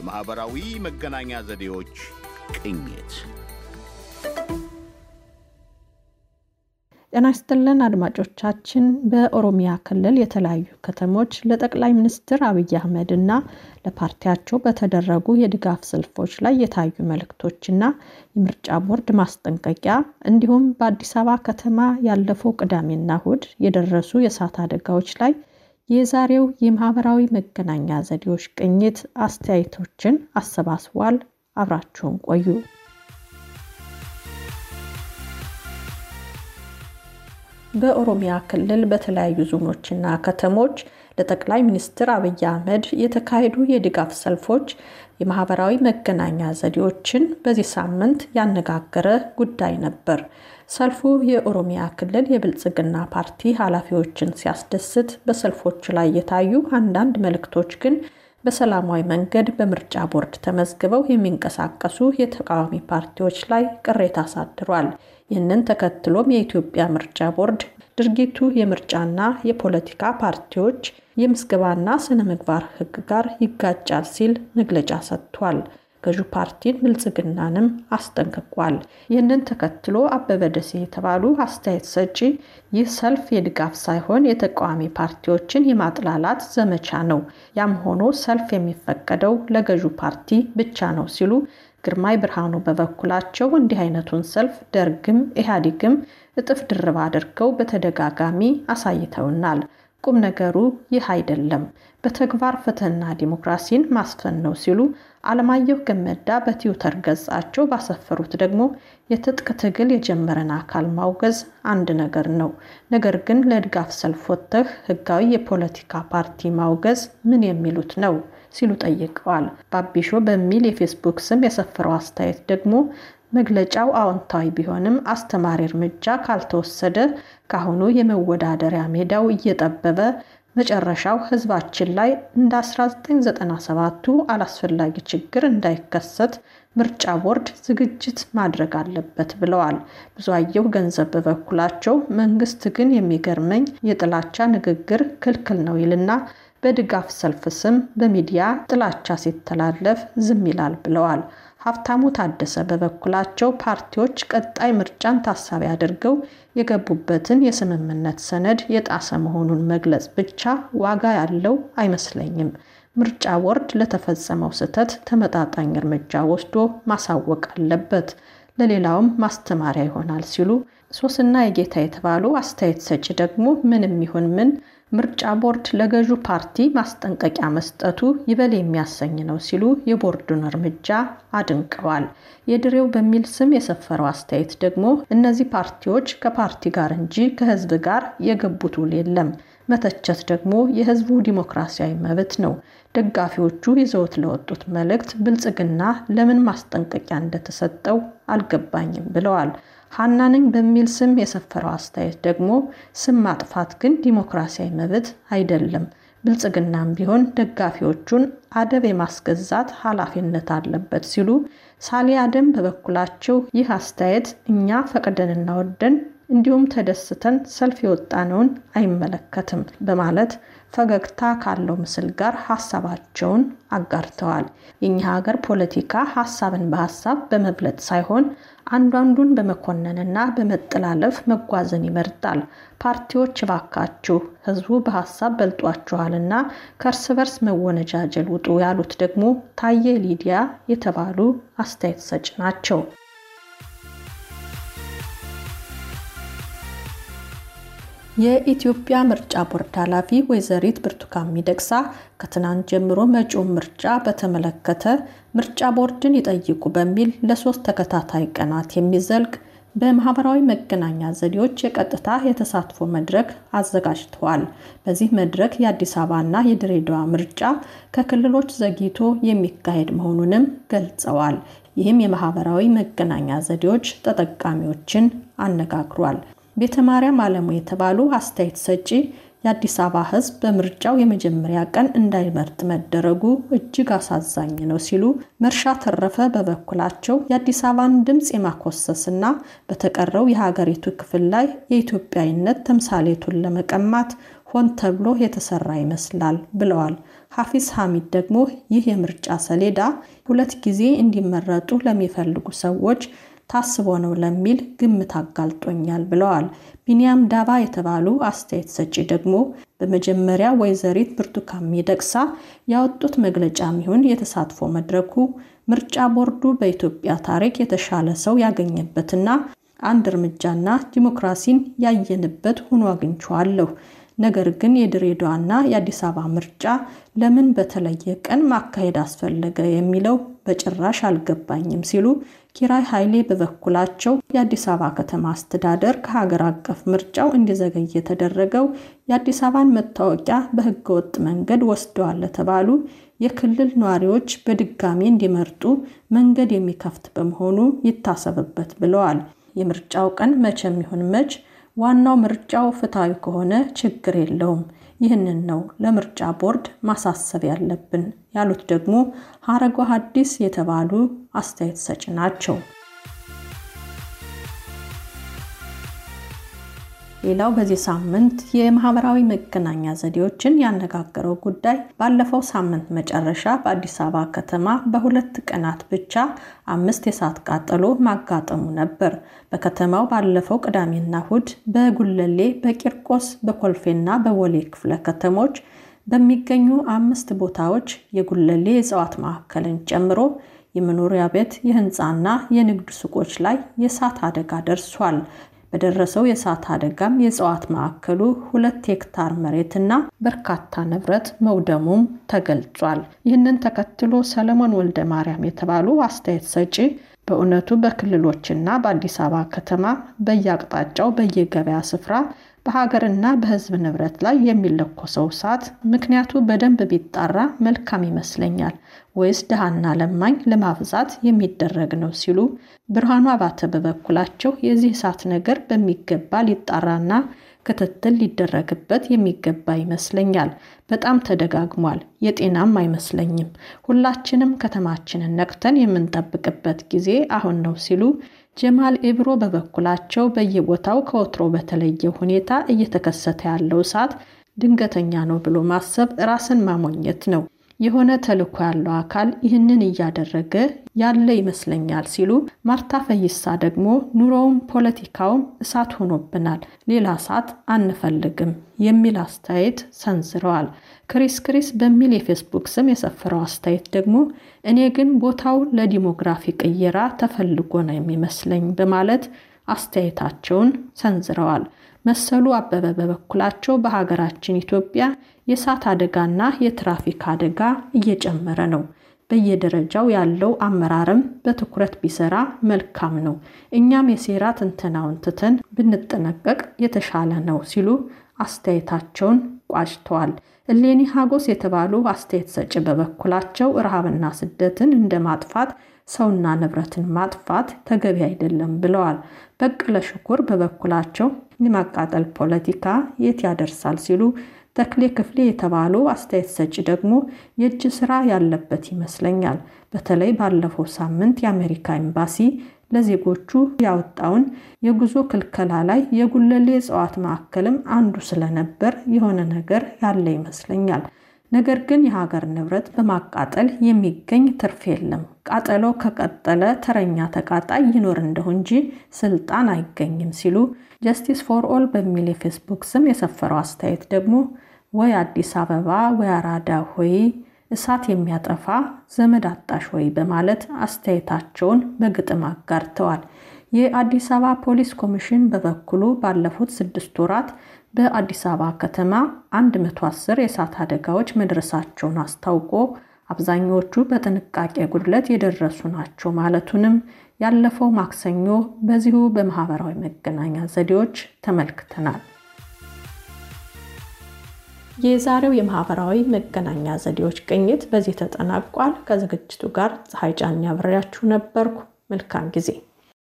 የማኅበራዊ መገናኛ ዘዴዎች ቅኝት። ጤና ይስጥልን አድማጮቻችን። በኦሮሚያ ክልል የተለያዩ ከተሞች ለጠቅላይ ሚኒስትር አብይ አህመድ እና ለፓርቲያቸው በተደረጉ የድጋፍ ሰልፎች ላይ የታዩ መልእክቶችና የምርጫ ቦርድ ማስጠንቀቂያ እንዲሁም በአዲስ አበባ ከተማ ያለፈው ቅዳሜና እሁድ የደረሱ የእሳት አደጋዎች ላይ የዛሬው የማህበራዊ መገናኛ ዘዴዎች ቅኝት አስተያየቶችን አሰባስቧል። አብራችሁን ቆዩ። በኦሮሚያ ክልል በተለያዩ ዞኖችና ከተሞች ለጠቅላይ ሚኒስትር አብይ አህመድ የተካሄዱ የድጋፍ ሰልፎች የማህበራዊ መገናኛ ዘዴዎችን በዚህ ሳምንት ያነጋገረ ጉዳይ ነበር። ሰልፉ የኦሮሚያ ክልል የብልጽግና ፓርቲ ኃላፊዎችን ሲያስደስት፣ በሰልፎች ላይ የታዩ አንዳንድ መልእክቶች ግን በሰላማዊ መንገድ በምርጫ ቦርድ ተመዝግበው የሚንቀሳቀሱ የተቃዋሚ ፓርቲዎች ላይ ቅሬታ አሳድሯል። ይህንን ተከትሎም የኢትዮጵያ ምርጫ ቦርድ ድርጊቱ የምርጫና የፖለቲካ ፓርቲዎች የምዝገባና ስነ ምግባር ሕግ ጋር ይጋጫል ሲል መግለጫ ሰጥቷል። ገዢው ፓርቲን ብልጽግናንም አስጠንቅቋል። ይህንን ተከትሎ አበበ ደሴ የተባሉ አስተያየት ሰጪ ይህ ሰልፍ የድጋፍ ሳይሆን የተቃዋሚ ፓርቲዎችን የማጥላላት ዘመቻ ነው፣ ያም ሆኖ ሰልፍ የሚፈቀደው ለገዢ ፓርቲ ብቻ ነው ሲሉ ግርማይ ብርሃኑ በበኩላቸው እንዲህ አይነቱን ሰልፍ ደርግም ኢህአዴግም እጥፍ ድርብ አድርገው በተደጋጋሚ አሳይተውናል። ቁም ነገሩ ይህ አይደለም፣ በተግባር ፍትህና ዲሞክራሲን ማስፈን ነው ሲሉ አለማየሁ ገመዳ በትዊተር ገጻቸው ባሰፈሩት ደግሞ የትጥቅ ትግል የጀመረን አካል ማውገዝ አንድ ነገር ነው፣ ነገር ግን ለድጋፍ ሰልፍ ወጥተህ ህጋዊ የፖለቲካ ፓርቲ ማውገዝ ምን የሚሉት ነው ሲሉ ጠይቀዋል። ባቢሾ በሚል የፌስቡክ ስም የሰፈረው አስተያየት ደግሞ መግለጫው አዎንታዊ ቢሆንም አስተማሪ እርምጃ ካልተወሰደ ካሁኑ የመወዳደሪያ ሜዳው እየጠበበ መጨረሻው ህዝባችን ላይ እንደ 1997ቱ አላስፈላጊ ችግር እንዳይከሰት ምርጫ ቦርድ ዝግጅት ማድረግ አለበት ብለዋል። ብዙአየሁ ገንዘብ በበኩላቸው መንግስት ግን የሚገርመኝ የጥላቻ ንግግር ክልክል ነው ይልና በድጋፍ ሰልፍ ስም በሚዲያ ጥላቻ ሲተላለፍ ዝም ይላል ብለዋል። ሀብታሙ ታደሰ በበኩላቸው ፓርቲዎች ቀጣይ ምርጫን ታሳቢ አድርገው የገቡበትን የስምምነት ሰነድ የጣሰ መሆኑን መግለጽ ብቻ ዋጋ ያለው አይመስለኝም። ምርጫ ቦርድ ለተፈጸመው ስህተት ተመጣጣኝ እርምጃ ወስዶ ማሳወቅ አለበት፣ ለሌላውም ማስተማሪያ ይሆናል ሲሉ ሶስና የጌታ የተባሉ አስተያየት ሰጪ ደግሞ ምንም ይሁን ምን ምርጫ ቦርድ ለገዢ ፓርቲ ማስጠንቀቂያ መስጠቱ ይበል የሚያሰኝ ነው ሲሉ የቦርዱን እርምጃ አድንቀዋል። የድሬው በሚል ስም የሰፈረው አስተያየት ደግሞ እነዚህ ፓርቲዎች ከፓርቲ ጋር እንጂ ከህዝብ ጋር የገቡት ውል የለም፣ መተቸት ደግሞ የሕዝቡ ዲሞክራሲያዊ መብት ነው። ደጋፊዎቹ ይዘውት ለወጡት መልእክት ብልጽግና ለምን ማስጠንቀቂያ እንደተሰጠው አልገባኝም ብለዋል። ሀናንኝ በሚል ስም የሰፈረው አስተያየት ደግሞ ስም ማጥፋት ግን ዲሞክራሲያዊ መብት አይደለም፣ ብልጽግናም ቢሆን ደጋፊዎቹን አደብ የማስገዛት ኃላፊነት አለበት ሲሉ ሳሊያደም አደም በበኩላቸው ይህ አስተያየት እኛ ፈቅደንና ወደን እንዲሁም ተደስተን ሰልፍ የወጣነውን አይመለከትም በማለት ፈገግታ ካለው ምስል ጋር ሀሳባቸውን አጋርተዋል። የኛ ሀገር ፖለቲካ ሀሳብን በሀሳብ በመብለጥ ሳይሆን አንዳንዱን በመኮነንና በመጠላለፍ መጓዝን ይመርጣል። ፓርቲዎች እባካችሁ ህዝቡ በሀሳብ በልጧችኋልና ከእርስ በርስ መወነጃጀል ውጡ ያሉት ደግሞ ታዬ ሊዲያ የተባሉ አስተያየት ሰጭ ናቸው። የኢትዮጵያ ምርጫ ቦርድ ኃላፊ ወይዘሪት ብርቱካን ሚደቅሳ ከትናንት ጀምሮ መጪውን ምርጫ በተመለከተ ምርጫ ቦርድን ይጠይቁ በሚል ለሶስት ተከታታይ ቀናት የሚዘልቅ በማህበራዊ መገናኛ ዘዴዎች የቀጥታ የተሳትፎ መድረክ አዘጋጅተዋል። በዚህ መድረክ የአዲስ አበባና የድሬዳዋ ምርጫ ከክልሎች ዘግይቶ የሚካሄድ መሆኑንም ገልጸዋል። ይህም የማህበራዊ መገናኛ ዘዴዎች ተጠቃሚዎችን አነጋግሯል። ቤተ ማርያም አለሙ የተባሉ አስተያየት ሰጪ የአዲስ አበባ ህዝብ በምርጫው የመጀመሪያ ቀን እንዳይመርጥ መደረጉ እጅግ አሳዛኝ ነው ሲሉ፣ መርሻ ተረፈ በበኩላቸው የአዲስ አበባን ድምፅ የማኮሰስና በተቀረው የሀገሪቱ ክፍል ላይ የኢትዮጵያዊነት ተምሳሌቱን ለመቀማት ሆን ተብሎ የተሰራ ይመስላል ብለዋል። ሐፊዝ ሐሚድ ደግሞ ይህ የምርጫ ሰሌዳ ሁለት ጊዜ እንዲመረጡ ለሚፈልጉ ሰዎች ታስቦ ነው ለሚል ግምት አጋልጦኛል ብለዋል። ቢኒያም ዳባ የተባሉ አስተያየት ሰጪ ደግሞ በመጀመሪያ ወይዘሪት ብርቱካን ሚደቅሳ ያወጡት መግለጫ ሚሆን የተሳትፎ መድረኩ ምርጫ ቦርዱ በኢትዮጵያ ታሪክ የተሻለ ሰው ያገኘበትና አንድ እርምጃና ዲሞክራሲን ያየንበት ሆኖ አግኝቼዋለሁ። ነገር ግን የድሬዳዋና የአዲስ አበባ ምርጫ ለምን በተለየ ቀን ማካሄድ አስፈለገ የሚለው በጭራሽ አልገባኝም ሲሉ ኪራይ ኃይሌ በበኩላቸው የአዲስ አበባ ከተማ አስተዳደር ከሀገር አቀፍ ምርጫው እንዲዘገይ የተደረገው የአዲስ አበባን መታወቂያ ወጥ መንገድ ወስደዋል ለተባሉ የክልል ነዋሪዎች በድጋሚ እንዲመርጡ መንገድ የሚከፍት በመሆኑ ይታሰብበት ብለዋል። የምርጫው ቀን መቼም ይሁን መች ዋናው ምርጫው ፍትሐዊ ከሆነ ችግር የለውም። ይህንን ነው ለምርጫ ቦርድ ማሳሰብ ያለብን ያሉት ደግሞ ሀረጓ አዲስ የተባሉ አስተያየት ሰጪ ናቸው። ሌላው በዚህ ሳምንት የማህበራዊ መገናኛ ዘዴዎችን ያነጋገረው ጉዳይ ባለፈው ሳምንት መጨረሻ በአዲስ አበባ ከተማ በሁለት ቀናት ብቻ አምስት የእሳት ቃጠሎ ማጋጠሙ ነበር። በከተማው ባለፈው ቅዳሜና እሁድ በጉለሌ፣ በቂርቆስ፣ በኮልፌና በቦሌ ክፍለ ከተሞች በሚገኙ አምስት ቦታዎች የጉለሌ የእጽዋት ማዕከልን ጨምሮ የመኖሪያ ቤት የህንፃና የንግድ ሱቆች ላይ የእሳት አደጋ ደርሷል። በደረሰው የእሳት አደጋም የእጽዋት ማዕከሉ ሁለት ሄክታር መሬትና በርካታ ንብረት መውደሙም ተገልጿል። ይህንን ተከትሎ ሰለሞን ወልደ ማርያም የተባሉ አስተያየት ሰጪ በእውነቱ በክልሎችና በአዲስ አበባ ከተማ በየአቅጣጫው በየገበያ ስፍራ በሀገርና በሕዝብ ንብረት ላይ የሚለኮሰው እሳት ምክንያቱ በደንብ ቢጣራ መልካም ይመስለኛል ወይስ ድሃና ለማኝ ለማብዛት የሚደረግ ነው ሲሉ ብርሃኑ አባተ በበኩላቸው የዚህ እሳት ነገር በሚገባ ሊጣራና ክትትል ሊደረግበት የሚገባ ይመስለኛል። በጣም ተደጋግሟል። የጤናም አይመስለኝም። ሁላችንም ከተማችንን ነቅተን የምንጠብቅበት ጊዜ አሁን ነው ሲሉ ጀማል ኤብሮ በበኩላቸው በየቦታው ከወትሮ በተለየ ሁኔታ እየተከሰተ ያለው እሳት ድንገተኛ ነው ብሎ ማሰብ ራስን ማሞኘት ነው። የሆነ ተልኮ ያለው አካል ይህንን እያደረገ ያለ ይመስለኛል ሲሉ ማርታ ፈይሳ ደግሞ ኑሮውም ፖለቲካውም እሳት ሆኖብናል፣ ሌላ እሳት አንፈልግም የሚል አስተያየት ሰንዝረዋል። ክሪስ ክሪስ በሚል የፌስቡክ ስም የሰፈረው አስተያየት ደግሞ እኔ ግን ቦታው ለዲሞግራፊ ቅየራ ተፈልጎ ነው የሚመስለኝ በማለት አስተያየታቸውን ሰንዝረዋል። መሰሉ አበበ በበኩላቸው በሀገራችን ኢትዮጵያ የእሳት አደጋና የትራፊክ አደጋ እየጨመረ ነው። በየደረጃው ያለው አመራርም በትኩረት ቢሰራ መልካም ነው። እኛም የሴራ ትንተናውን ትተን ብንጠነቀቅ የተሻለ ነው ሲሉ አስተያየታቸውን ቋጭተዋል። እሌኒ ሀጎስ የተባሉ አስተያየት ሰጭ በበኩላቸው ረሃብና ስደትን እንደ ማጥፋት ሰውና ንብረትን ማጥፋት ተገቢ አይደለም ብለዋል። በቀለ ሽኩር በበኩላቸው የማቃጠል ፖለቲካ የት ያደርሳል ሲሉ ተክሌ ክፍሌ የተባሉ አስተያየት ሰጪ ደግሞ የእጅ ስራ ያለበት ይመስለኛል። በተለይ ባለፈው ሳምንት የአሜሪካ ኤምባሲ ለዜጎቹ ያወጣውን የጉዞ ክልከላ ላይ የጉለሌ እጽዋት ማዕከልም አንዱ ስለነበር የሆነ ነገር ያለ ይመስለኛል። ነገር ግን የሀገር ንብረት በማቃጠል የሚገኝ ትርፍ የለም። ቃጠሎ ከቀጠለ ተረኛ ተቃጣይ ይኖር እንደሁ እንጂ ስልጣን አይገኝም ሲሉ ጀስቲስ ፎር ኦል በሚል የፌስቡክ ስም የሰፈረው አስተያየት ደግሞ ወይ አዲስ አበባ ወይ አራዳ ሆይ እሳት የሚያጠፋ ዘመድ አጣሽ ወይ በማለት አስተያየታቸውን በግጥም አጋርተዋል። የአዲስ አበባ ፖሊስ ኮሚሽን በበኩሉ ባለፉት ስድስት ወራት በአዲስ አበባ ከተማ 110 የእሳት አደጋዎች መድረሳቸውን አስታውቆ አብዛኛዎቹ በጥንቃቄ ጉድለት የደረሱ ናቸው ማለቱንም ያለፈው ማክሰኞ በዚሁ በማህበራዊ መገናኛ ዘዴዎች ተመልክተናል። የዛሬው የማህበራዊ መገናኛ ዘዴዎች ቅኝት በዚህ ተጠናቋል። ከዝግጅቱ ጋር ፀሐይ ጫን ያብሬያችሁ ነበርኩ። መልካም ጊዜ